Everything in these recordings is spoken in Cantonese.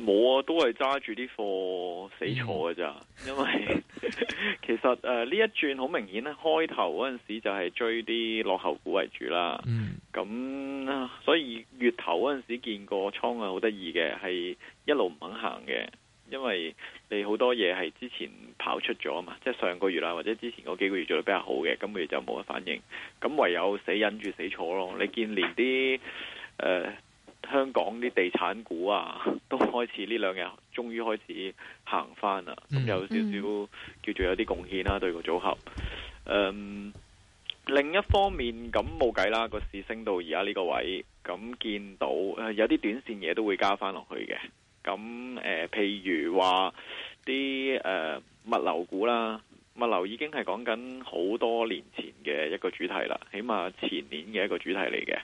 冇啊，都係揸住啲貨死坐㗎咋、嗯，因為其實誒呢、呃、一轉好明顯咧，開頭嗰陣時就係追啲落後股為主啦。咁、嗯、所以月頭嗰陣時建個倉啊，好得意嘅，係一路唔肯行嘅，因為你好多嘢係之前跑出咗啊嘛，即係上個月啦，或者之前嗰幾個月做得比較好嘅，咁佢就冇乜反應。咁唯有死忍住死坐咯，你見連啲誒。呃香港啲地產股啊，都開始呢兩日，終於開始行翻啦。咁、嗯、有少少、嗯、叫做有啲貢獻啦、啊、對個組合。Um, 另一方面咁冇計啦，個市升到而家呢個位，咁見到有啲短線嘢都會加翻落去嘅。咁、呃、譬如話啲誒物流股啦，物流已經係講緊好多年前嘅一個主題啦，起碼前年嘅一個主題嚟嘅。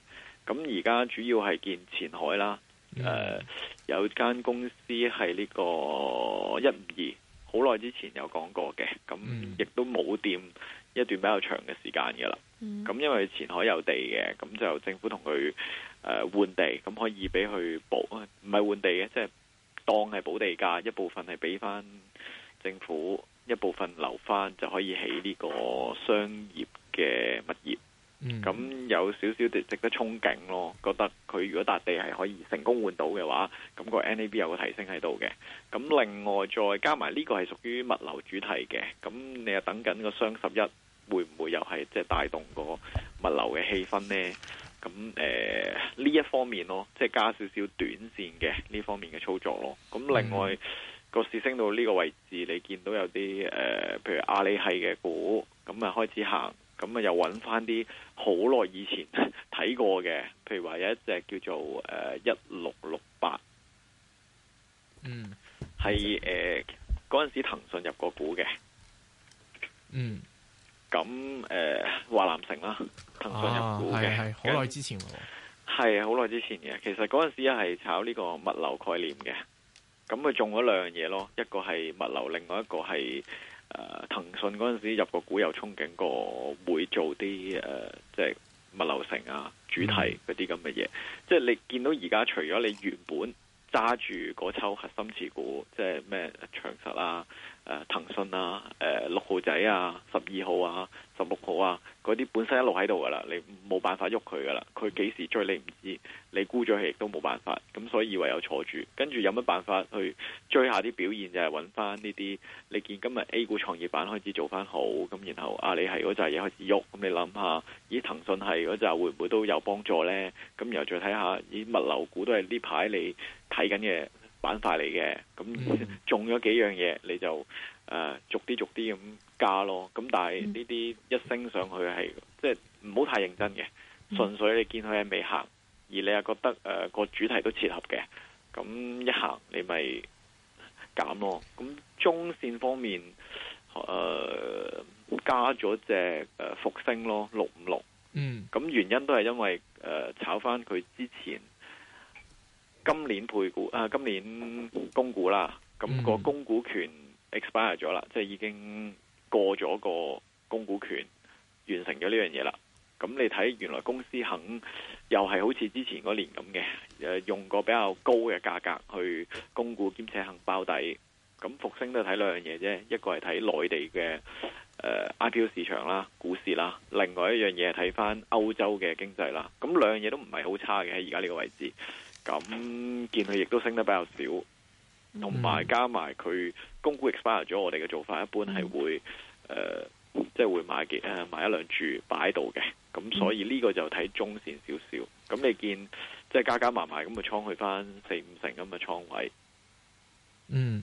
咁而家主要係建前海啦，誒、嗯、有間公司係呢個一五二，好耐之前有講過嘅，咁亦都冇掂一段比較長嘅時間嘅啦。咁、嗯、因為前海有地嘅，咁就政府同佢誒換地，咁可以俾佢補，唔係換地嘅，即、就、係、是、當係補地價，一部分係俾翻政府，一部分留翻就可以起呢個商業嘅物業。咁、嗯、有少少值得憧憬咯，覺得佢如果笪地係可以成功換到嘅話，咁、個 NAB 有個提升喺度嘅。咁另外再加埋呢個係屬於物流主題嘅，咁你又等緊個雙十一會唔會又係即係帶動個物流嘅氣氛呢？咁誒呢一方面咯，即係加少少短線嘅呢方面嘅操作咯。咁另外、嗯、個市升到呢個位置，你見到有啲誒、呃，譬如阿里係嘅股，咁啊開始行。咁啊，又揾翻啲好耐以前睇過嘅，譬如話有一隻叫做一六六八，嗯，係嗰陣時騰訊入過股嘅，嗯，咁誒、呃、華南城啦，騰訊入股嘅，係好耐之前喎，係啊，好耐之前嘅，其實嗰陣時係炒呢個物流概念嘅，咁咪中咗兩樣嘢咯，一個係物流，另外一個係。誒、uh，騰訊嗰陣時候入個股，又憧憬過會做啲誒即係物流城啊主題嗰啲咁嘅嘢，即係、嗯就是、你見到而家除咗你原本揸住嗰抽核心持股，即係咩長實啊。誒、啊、騰訊啊，誒、啊、六號仔啊，十二號啊，啊十六號啊，嗰啲本身一路喺度噶啦，你冇辦法喐佢噶啦，佢幾時追你唔知道，你沽咗佢亦都冇辦法，咁所以唯有坐住，跟住有乜辦法去追一下啲表現就係揾翻呢啲，你見今日 A 股創業板開始做翻好，咁然後啊，你係嗰陣嘢開始喐，咁你諗下，咦、啊、騰訊係嗰陣會唔會都有幫助呢？咁然後再睇下，咦、啊、物流股都係呢排你睇緊嘅。板塊嚟嘅，咁中咗幾樣嘢，你就誒、呃、逐啲逐啲咁加咯。咁但係呢啲一升上去係，即係唔好太認真嘅，純粹你見佢係未行，而你又覺得誒、呃、個主題都切合嘅，咁一行你咪減咯。咁中線方面，誒、呃、加咗隻誒復星咯，六五六？嗯。咁原因都係因為誒、呃、炒翻佢之前。今年配股啊，今年供股啦，咁個供股權 expire 咗啦，即係已經過咗個供股權完成咗呢樣嘢啦。咁你睇原來公司肯又係好似之前嗰年咁嘅，誒用個比較高嘅價格去供股，兼且肯包底。咁復星都睇兩樣嘢啫，一個係睇內地嘅誒 IPO 市場啦、股市啦，另外一樣嘢係睇翻歐洲嘅經濟啦。咁兩樣嘢都唔係好差嘅，喺而家呢個位置。咁見佢亦都升得比較少，同埋加埋佢公股 expire 咗，我哋嘅做法一般係會誒、嗯呃，即係會買幾誒買一兩注擺度嘅，咁所以呢個就睇中線少少。咁你見即係加加埋埋咁嘅倉去翻四五成咁嘅倉位，嗯。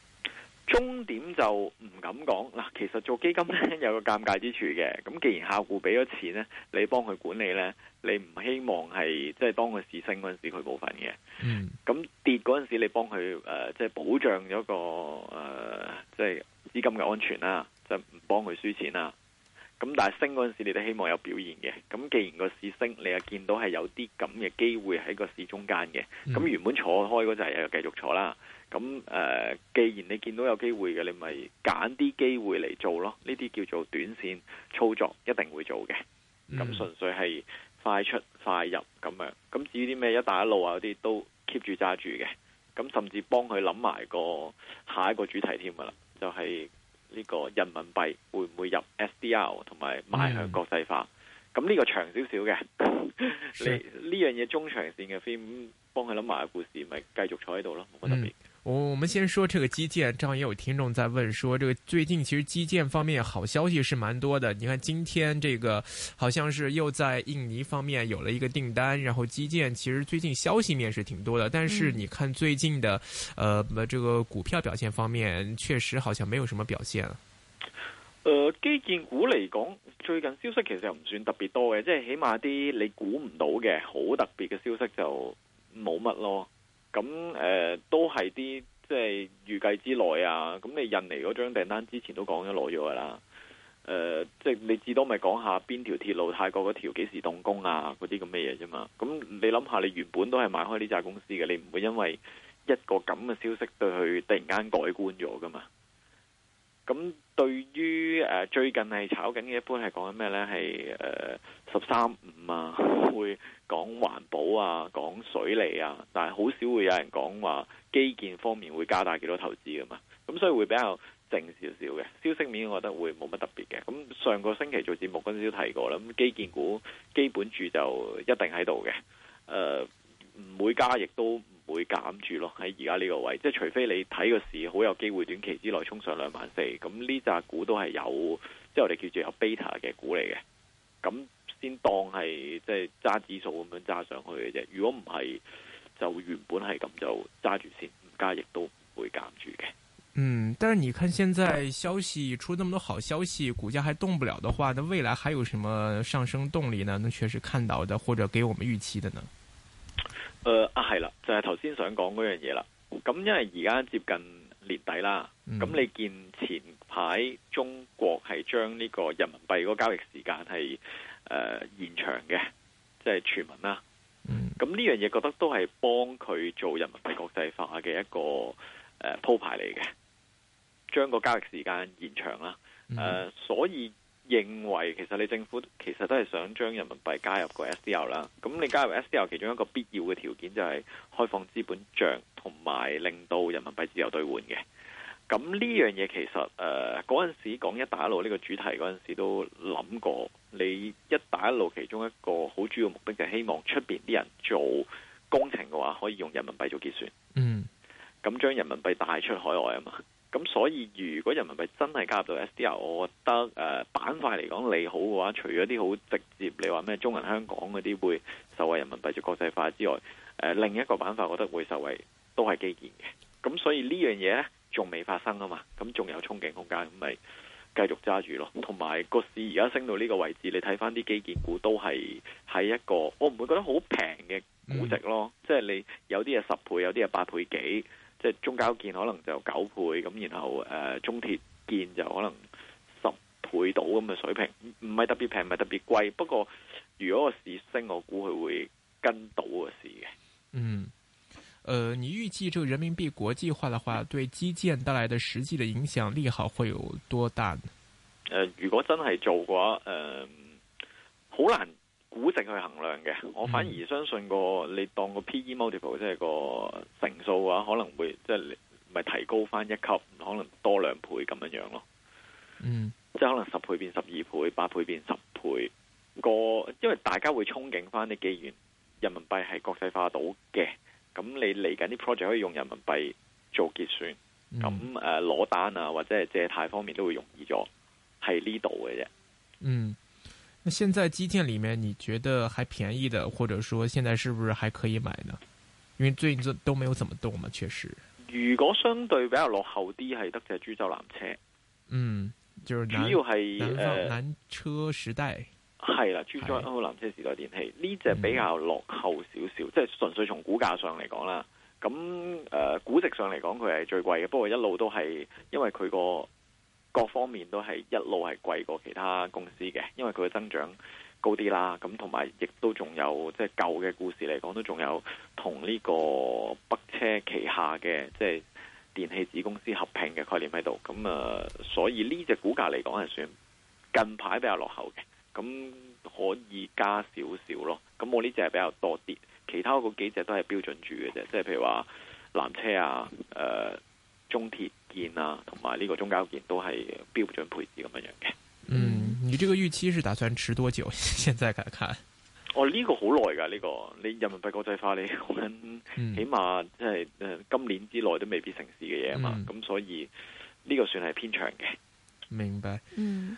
終點就唔敢講嗱，其實做基金咧有個尷尬之處嘅。咁既然客戶俾咗錢咧，你幫佢管理咧，你唔希望係即係當佢市升嗰陣時佢部分嘅。咁、嗯、跌嗰陣時你幫佢誒即係保障咗個誒即係資金嘅安全啦，即係唔幫佢輸錢啦。咁但係升嗰陣時你都希望有表現嘅。咁既然個市升，你又見到係有啲咁嘅機會喺個市中間嘅，咁、嗯、原本坐開嗰陣又繼續坐啦。咁誒、呃，既然你見到有機會嘅，你咪揀啲機會嚟做咯，呢啲叫做短線操作，一定會做嘅。咁純粹係快出快入咁樣，咁至於啲咩一帶一路啊嗰啲都 keep 住揸住嘅，咁甚至幫佢諗埋個下一個主題添噶啦，就係、是、呢個人民幣會唔會入 SDR 同埋邁向國際化，咁、嗯、呢個長少少嘅， 你呢樣嘢中長線嘅 theme 幫佢諗埋個故事，咪繼續坐喺度咯，冇乜特別。嗯我、oh, 我們先說這個基建，正好也有聽眾在問說，這個最近其實基建方面好消息是蠻多的。你看今天這個，好像是又在印尼方面有了一個訂單。然後基建其實最近消息面是挺多的，但是你看最近的，嗯、呃，這個股票表現方面確實好像沒有什麼表現。呃，基建股嚟講，最近消息其實唔算特別多的，即是起碼啲你估唔到的好特別的消息就冇乜咯。咁誒、呃、都係啲即係預計之內啊！咁你印尼嗰張訂單之前都講咗攞咗㗎喇，誒即係你至多咪講下邊條鐵路泰國嗰條幾時動工啊？嗰啲咁嘅嘢啫嘛！咁你諗下，你原本都係買開呢隻公司嘅，你唔會因為一個咁嘅消息對佢突然間改觀咗㗎嘛？咁對於、呃、最近係炒緊嘅，一般係講緊咩咧？係誒、呃、十三五啊，會講環保啊，講水利啊，但係好少會有人講話基建方面會加大幾多投資噶嘛。咁所以會比較靜少少嘅消息面，我覺得會冇乜特別嘅。咁上個星期做節目，陣時都提過啦。咁基建股基本住就一定喺度嘅，唔會加亦都。會減住咯，喺而家呢個位，即係除非你睇個市好有機會短期之內衝上兩萬四，咁呢隻股都係有，即係我哋叫做有 beta 嘅股嚟嘅，咁先當係即係揸指數咁樣揸上去嘅啫。如果唔係，就原本係咁就揸住先，唔加亦都唔會減住嘅。嗯，但是你看，現在消息出咗咁多好消息，股價還動不了的話，那未來還有什麼上升動力呢？那確實看到的或者給我們預期的呢？誒啊係啦，就係頭先想講嗰樣嘢啦。咁因為而家接近年底啦，咁、嗯、你見前排中國係將呢個人民幣嗰交易時間係誒延長嘅，即係全聞啦。咁呢樣嘢覺得都係幫佢做人民幣國際化嘅一個誒鋪、呃、排嚟嘅，將個交易時間延長啦。誒、嗯呃，所以。認為其實你政府其實都係想將人民幣加入個 SDR 啦，咁你加入 SDR 其中一個必要嘅條件就係開放資本帳同埋令到人民幣自由兌換嘅。咁呢樣嘢其實誒嗰陣時講一帶一路呢個主題嗰陣時都諗過，你一帶一路其中一個好主要的目的就係希望出面啲人做工程嘅話可以用人民幣做結算，嗯，咁將人民幣帶出海外啊嘛。咁所以如果人民幣真係加入到 SDR，我覺得誒、呃、板塊嚟講利好嘅話，除咗啲好直接，你話咩中銀香港嗰啲會受惠人民幣做國際化之外，誒、呃、另一個板塊，我覺得會受惠都係基建嘅。咁所以呢樣嘢咧仲未發生啊嘛，咁仲有憧憬空間，咁咪繼續揸住咯。同埋個市而家升到呢個位置，你睇返啲基建股都係喺一個我唔會覺得好平嘅估值咯，嗯、即係你有啲係十倍，有啲係八倍幾。即係中交建可能就九倍咁，然後誒、呃，中鐵建就可能十倍到咁嘅水平，唔係特別平，唔係特別貴。不過如果個市升，我估佢會跟到個市嘅。嗯，誒、呃，你預計這個人民幣國際化的話，對基建帶來的實際的影響利好會有多大呢？誒、呃，如果真係做嘅話，誒、呃，好難。估值去衡量嘅、嗯，我反而相信過你當個 P/E multiple 即係個乘數嘅話，可能會即係唔係提高翻一級，可能多兩倍咁樣樣咯。嗯，即係可能十倍變十二倍，八倍變十倍。個因為大家會憧憬翻啲機緣，人民幣係國際化到嘅，咁你嚟緊啲 project 可以用人民幣做結算，咁誒攞單啊或者借貸方面都會容易咗，係呢度嘅啫。嗯。那現在基建裏面你覺得還便宜的，或者說現在是不是還可以買呢？因為最近都都沒有怎麼動嘛，確實。如果相對比較落後啲係得就係株洲南車，嗯，就是主要係南、呃、南車時代係啦，株洲南車時代電器呢隻、嗯、比較落後少少，即、嗯、係、就是、純粹從股價上嚟講啦。咁誒估值上嚟講佢係最貴嘅，不過一路都係因為佢個。各方面都係一路係貴過其他公司嘅，因為佢嘅增長高啲啦。咁同埋亦都仲有，即係舊嘅故事嚟講，都仲有同呢個北車旗下嘅即係電器子公司合併嘅概念喺度。咁啊，所以呢隻股價嚟講係算近排比較落後嘅。咁可以加少少咯。咁我呢隻係比較多啲，其他嗰幾隻都係標準住嘅啫。即係譬如話南車啊，誒、呃。中鐵建啊，同埋呢個中交建都係標準配置咁樣樣嘅。嗯，你這個預期是打算持多久？ 現在睇睇。哦，呢、這個好耐噶，呢、這個你人民幣國際化，你可能起碼即係今年之內都未必成事嘅嘢啊嘛。咁、嗯、所以呢個算係偏長嘅。明白。嗯。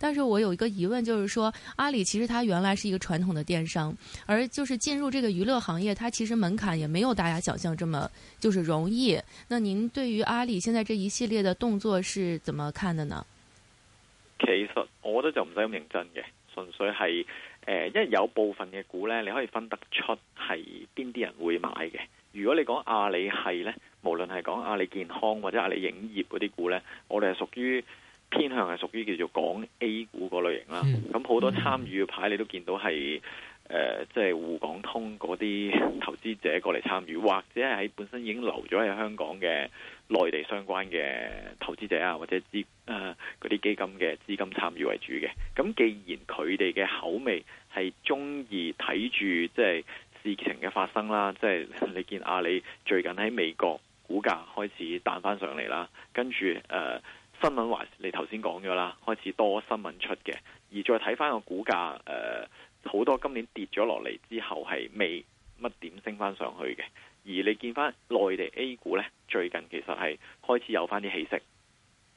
但是我有一個疑問，就是說，阿里其實它原來是一個傳統的電商，而就是進入這個娛樂行業，它其實門檻也沒有大家想象這麼就是容易。那您對於阿里現在這一系列的動作是怎麼看的呢？其實我覺得就唔使咁認真嘅，純粹係誒、呃，因為有部分嘅股呢，你可以分得出係邊啲人會買嘅。如果你講阿里係呢，無論係講阿里健康或者阿里影業嗰啲股呢，我哋係屬於。偏向係屬於叫做港 A 股個類型啦，咁好多參與嘅牌你都見到係誒，即係滬港通嗰啲投資者過嚟參與，或者係本身已經留咗喺香港嘅內地相關嘅投資者啊，或者資誒嗰啲基金嘅資金參與為主嘅。咁既然佢哋嘅口味係鍾意睇住即係事情嘅發生啦，即係你見阿里最近喺美國股價開始彈返上嚟啦，跟住誒。呃新聞話你頭先講咗啦，開始多新聞出嘅，而再睇翻個股價，呃，好多今年跌咗落嚟之後係未乜點升翻上去嘅，而你見翻內地 A 股呢，最近其實係開始有翻啲氣息，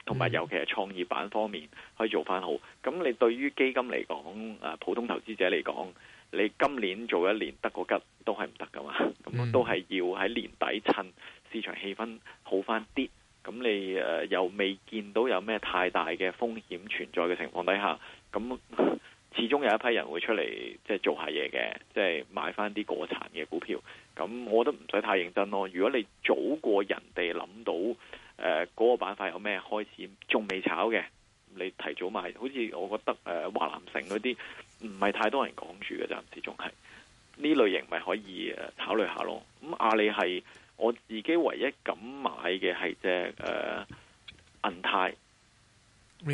同埋尤其係創業板方面可以做翻好。咁、嗯、你對於基金嚟講，呃，普通投資者嚟講，你今年做一年得個吉都係唔得噶嘛，咁都係要喺年底趁市場氣氛好翻啲。咁你又未見到有咩太大嘅風險存在嘅情況底下，咁始終有一批人會出嚟即係做下嘢嘅，即係買翻啲過殘嘅股票。咁我覺得唔使太認真咯。如果你早過人哋諗到呃嗰個板塊有咩開始，仲未炒嘅，你提早買。好似我覺得誒、呃、華南城嗰啲唔係太多人講住嘅陣時，仲係呢類型咪可以考慮下咯。咁阿里係。我自己唯一敢買嘅係隻誒銀泰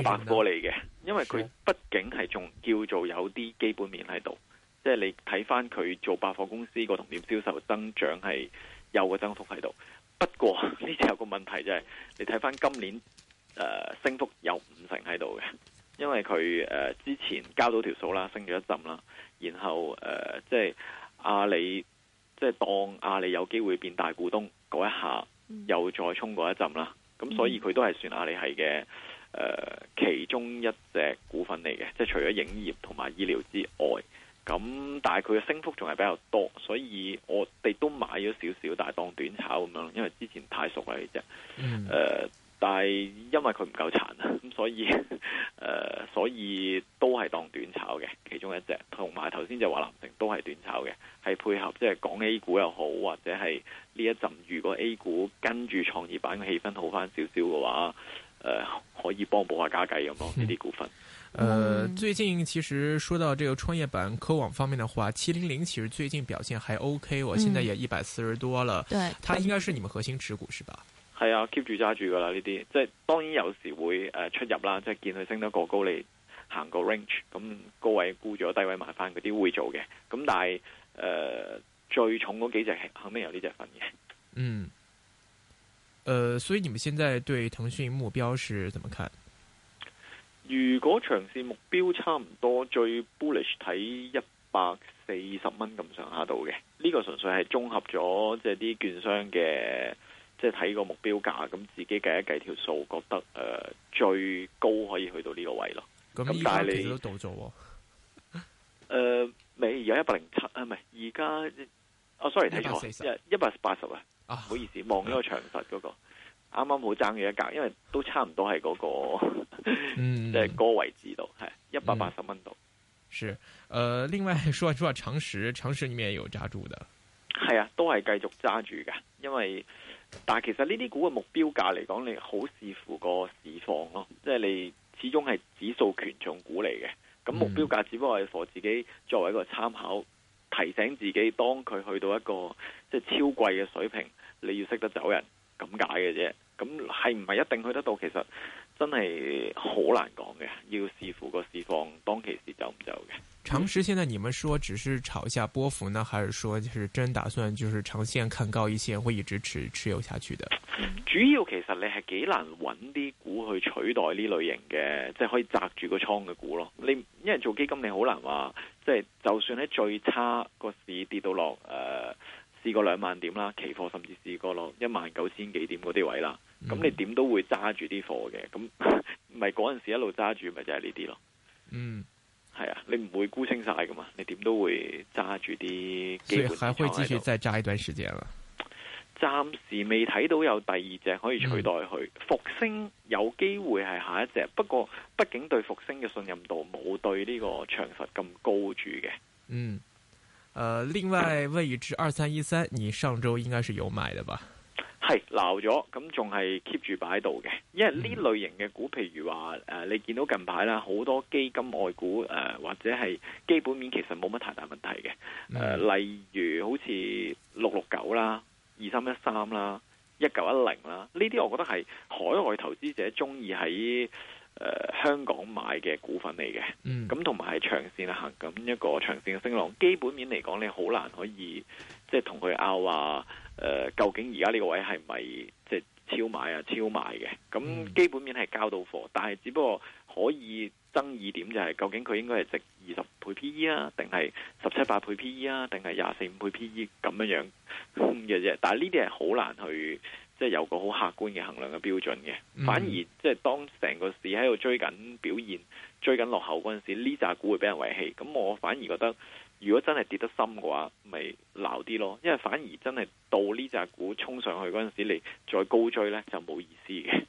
百貨嚟嘅，因為佢畢竟係仲叫做有啲基本面喺度，即係你睇翻佢做百貨公司個同店銷售增長係有個增幅喺度。不過呢隻有個問題就係、是、你睇翻今年誒、呃、升幅有五成喺度嘅，因為佢、呃、之前交到條數啦，升咗一陣啦，然後誒、呃、即係阿里。啊即係當阿里有機會變大股東嗰一下，又再衝過一陣啦。咁所以佢都係算是阿里係嘅誒其中一隻股份嚟嘅，即係除咗影業同埋醫療之外，咁但係佢嘅升幅仲係比較多，所以我哋都買咗少少，但係當短炒咁樣，因為之前太熟啦，其實誒，但係因為佢唔夠殘。其實說到這個創業板科網方面的話，七零零其實最近表現還 OK，我現在也一百四十多了，對、嗯，它應該是你們核心持股是吧？係啊，keep 住揸住噶啦呢啲，即係當然有時會誒出入啦，即係見佢升得過高，你行個 range，咁高位沽咗，低位買翻嗰啲會做嘅，咁但係誒最重嗰幾隻係肯定有呢隻份嘅。嗯，誒、呃，所以你們現在對騰訊目標是怎麼看？如果長線目標差唔多，最 bullish 睇一百四十蚊咁上下度嘅，呢個純粹係綜合咗即係啲券商嘅，即係睇個目標價，咁自己計一計條數，覺得、呃、最高可以去到呢個位咯。咁但係你都到咗，誒、呃、未？有一百零七啊？唔係，而家啊，sorry 睇錯，一百四十啊，一百八十啊。唔好意思，望咗個長實嗰個。啊嗰個啱啱好爭嘅一格，因為都差唔多係嗰、那個即係個位置度，係一百八十蚊度。是，誒、嗯呃、另外說話説話，長實長實裡面有揸住的，係啊，都係繼續揸住嘅，因為但其實呢啲股嘅目標價嚟講，你好視乎個市況咯，即係你始終係指數權重股嚟嘅，咁目標價只不過係 for 自己作為一個參考、嗯，提醒自己當佢去到一個即係、就是、超貴嘅水平，你要識得走人咁解嘅啫。咁係唔係一定去得到？其實真係好難講嘅，要視乎個市況，當其時走唔走嘅。長實，現在你們說只是炒下波幅呢，還是說，就是真打算，就是長線看高一線，會一直持持有下去的？主要其實你係幾難揾啲股去取代呢類型嘅，即係可以揸住個倉嘅股咯。你因為做基金你，你好難話，即係就算喺最差個市跌到落誒。呃試過兩萬點啦，期貨甚至試過落一萬九千幾點嗰啲位啦，咁你點都會揸住啲貨嘅，咁咪嗰陣時一路揸住咪就係呢啲咯。嗯，係、 嗯、啊，你唔會沽清晒㗎嘛，你點都會揸住啲。所以還會繼續再揸一段時間啦。暫時未睇到有第二隻可以取代佢，復、嗯、星有機會係下一隻，不過畢竟對復星嘅信任度冇對呢個長實咁高住嘅。嗯。呃、另外問一支二三一三，你上周應該是有買的吧？係撈咗，咁仲係 keep 住擺喺度嘅，因為呢類型嘅股，譬如話誒、呃，你見到近排啦，好多基金外股誒、呃，或者係基本面其實冇乜太大問題嘅、呃呃，例如好似六六九啦、二三一三啦、一九一零啦，呢啲我覺得係海外投資者中意喺。誒、呃、香港買嘅股份嚟嘅，咁同埋係長線行，咁一個長線嘅升浪。基本面嚟講，你好難可以即係同佢拗話，誒、就是呃、究竟而家呢個位係唔係即係超買啊、超賣嘅？咁基本面係交到貨，但係只不過可以爭議點就係、是、究竟佢應該係值二十倍 PE 啊，定係十七八倍 PE 啊，定係廿四五倍 PE 咁樣樣嘅啫。但係呢啲係好難去。即係有個好客觀嘅衡量嘅標準嘅，反而即係當成個市喺度追緊表現、追緊落後嗰陣時，呢隻股會俾人遺棄。咁我反而覺得，如果真係跌得深嘅話，咪鬧啲咯。因為反而真係到呢隻股衝上去嗰陣時，你再高追呢，就冇意思嘅。誒、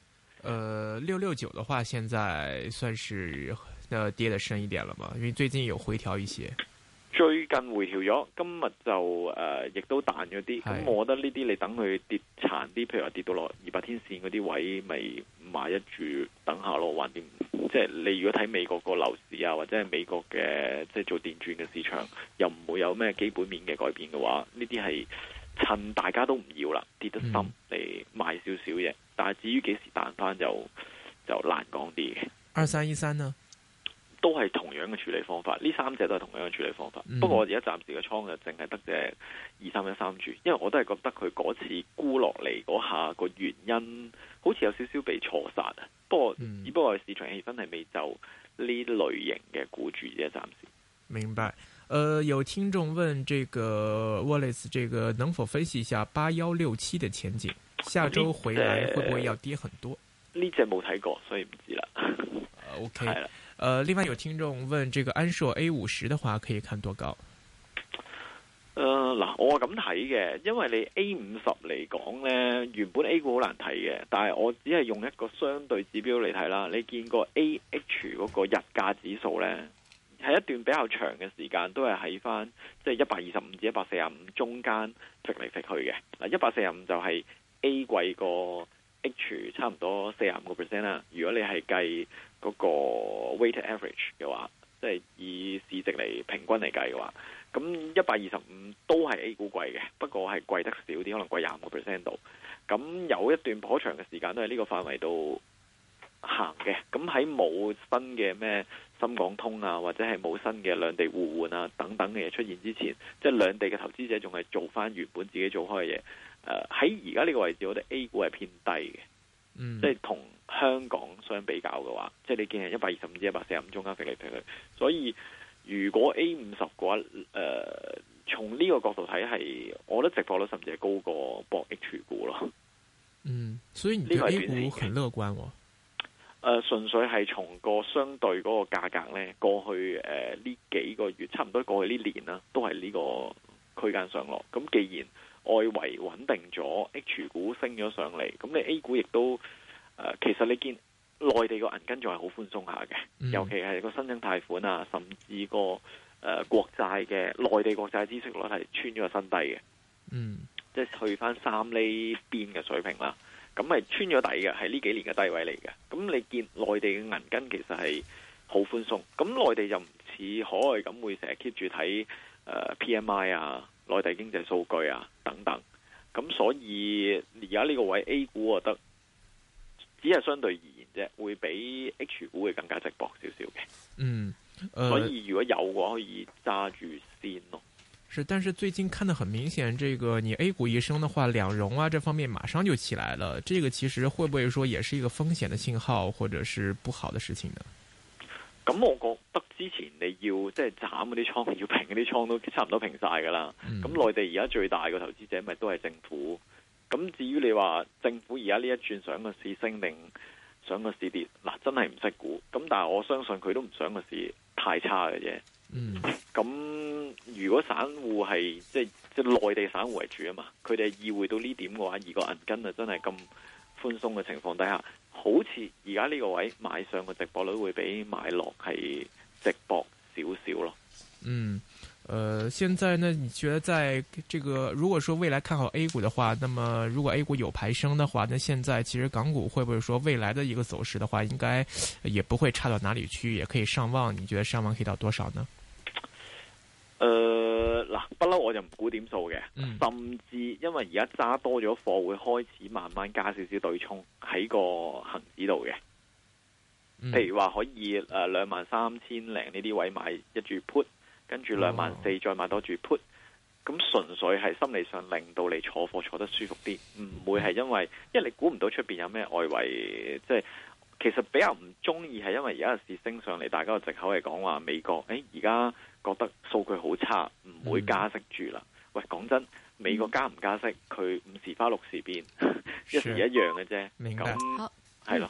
呃，六六九的話，現在算是跌得深一點了吧？因為最近有回調一些。跟回調咗，今日就誒亦、呃、都彈咗啲。咁我覺得呢啲你等佢跌殘啲，譬如話跌到落二百天線嗰啲位，咪買一注，等下咯。橫掂，即係你如果睇美國個樓市啊，或者係美國嘅即係做電轉嘅市場，又唔會有咩基本面嘅改變嘅話，呢啲係趁大家都唔要啦，跌得深嚟買少少嘢。但係至於幾時彈翻就就難講啲。二三一三呢？都係同樣嘅處理方法，呢三隻都係同樣嘅處理方法。嗯、不過我而家暫時嘅倉就淨係得隻二三一三住，因為我都係覺得佢嗰次沽落嚟嗰下，下個原因，好似有少少被錯殺啊。不過，只、嗯、不過市場氣氛係未就呢類型嘅股注嘅暫時。明白。呃，有聽眾問這個 Wallace，這個能否分析一下八幺六七嘅前景？下周回來會不會要跌很多？呢、嗯呃、隻冇睇過，所以唔知啦、啊。OK，係啦。 另外有聽眾問，這個安碩 A 五十的話可以看多高？誒、呃、嗱，我係咁睇嘅，因為你 A 五十嚟講呢，原本 A 股好難睇嘅，但係我只係用一個相對指標嚟睇啦。你見過 A H 嗰個日價指數呢，喺一段比較長嘅時間都係喺翻即係一百二十五至一百四十五中間揈嚟揈去嘅。嗱，一百四十五就係 A 貴過。H 差唔多四十五個 percent 啦。如果你係計嗰個 weighted average 嘅話，即係以市值嚟平均嚟計嘅話，咁一百二十五都係 A 股貴嘅，不過係貴得少啲，可能貴廿五個 percent 度。咁有一段頗長嘅時間都係呢個範圍度。行嘅，咁喺冇新嘅咩深港通啊，或者係冇新嘅兩地互換啊等等嘅嘢出現之前，即係兩地嘅投資者仲係做翻原本自己做開嘅嘢。誒、呃，喺而家呢個位置，我哋 A 股係偏低嘅、嗯，即係同香港相比較嘅話，即係你見係一百二十五至一百四十五中間嚟嚟去去。所以如果 A 五十嘅話，誒、呃，從呢個角度睇係，我覺得值博率甚至係高過博 H 股咯。嗯，所以你對 A 股很樂觀喎、哦。 誒、呃，純粹係從個相對嗰個價格咧，過去誒呢、呃、幾個月，差唔多過去呢年啦、啊，都係呢個區間上落。咁既然外圍穩定咗，H 股升咗上嚟，咁你 A 股亦都誒、呃，其實你見內地個銀根仲係好寬鬆下嘅、嗯，尤其係個新增貸款啊，甚至個誒、呃、國債嘅內地國債孳息率係穿咗個新低嘅，嗯，即係去翻三厘邊嘅水平啦。咁係穿咗底嘅，係呢幾年嘅低位嚟嘅。咁你見內地嘅銀根其實係好寬鬆，咁內地就唔似海外咁會成日 keep 住睇，誒、呃、P M I 啊，內地經濟數據啊等等。咁所以而家呢個位 A 股我覺得，只係相對而言啫，會比 H 股會更加直薄少少嘅。嗯、呃，所以如果有嘅話可以揸住先咯。是，但是最近看得很明顯，這個你 A 股一升的話，兩融啊這方面馬上就起來了。這個其實會不會說也是一個風險的信號，或者是不好的事情呢？咁我覺得之前你要即係斬嗰啲倉，要平嗰啲倉都差唔多平晒噶啦。咁內地而家最大嘅投資者咪都係政府。咁至於你話政府而家呢一轉上個市升定上個市跌，嗱真係唔識估。咁但係我相信佢都唔想個市太差嘅啫。嗯，咁。如果散戶係即係即係內地散戶為主啊嘛，佢哋意會到呢點嘅話，而個銀根啊真係咁寬鬆嘅情況底下，好似而家呢個位買上嘅值博率會比買落係值博少少咯。嗯，誒、呃，現在呢？你覺得在這個如果說未來看好 A 股的話，那麼如果 A 股有排升的話，那現在其實港股會不會說未來的一個走勢的話，應該也不會差到哪裏去，也可以上望。你覺得上望可以到多少呢？誒、uh,，嗱，不嬲，我就唔估點數嘅、嗯，甚至因為而家揸多咗貨，會開始慢慢加少少對沖喺個恒指度嘅。譬如話可以誒兩萬三千零呢啲位買一注 put，跟住兩萬四再買多注 put，咁純粹係心理上令到你坐貨坐得舒服啲，唔會係因為，因為你估唔到出邊有咩外圍，即、就、係、是、其實比較唔中意係因為而家市升上嚟，大家個借口係講話美國，誒而家。現在覺得數據好差，唔會加息住啦。嗯。喂，講真，美國加唔加息，佢五時花六時變， 一時一樣嘅啫。明白。咁，係好，係、啊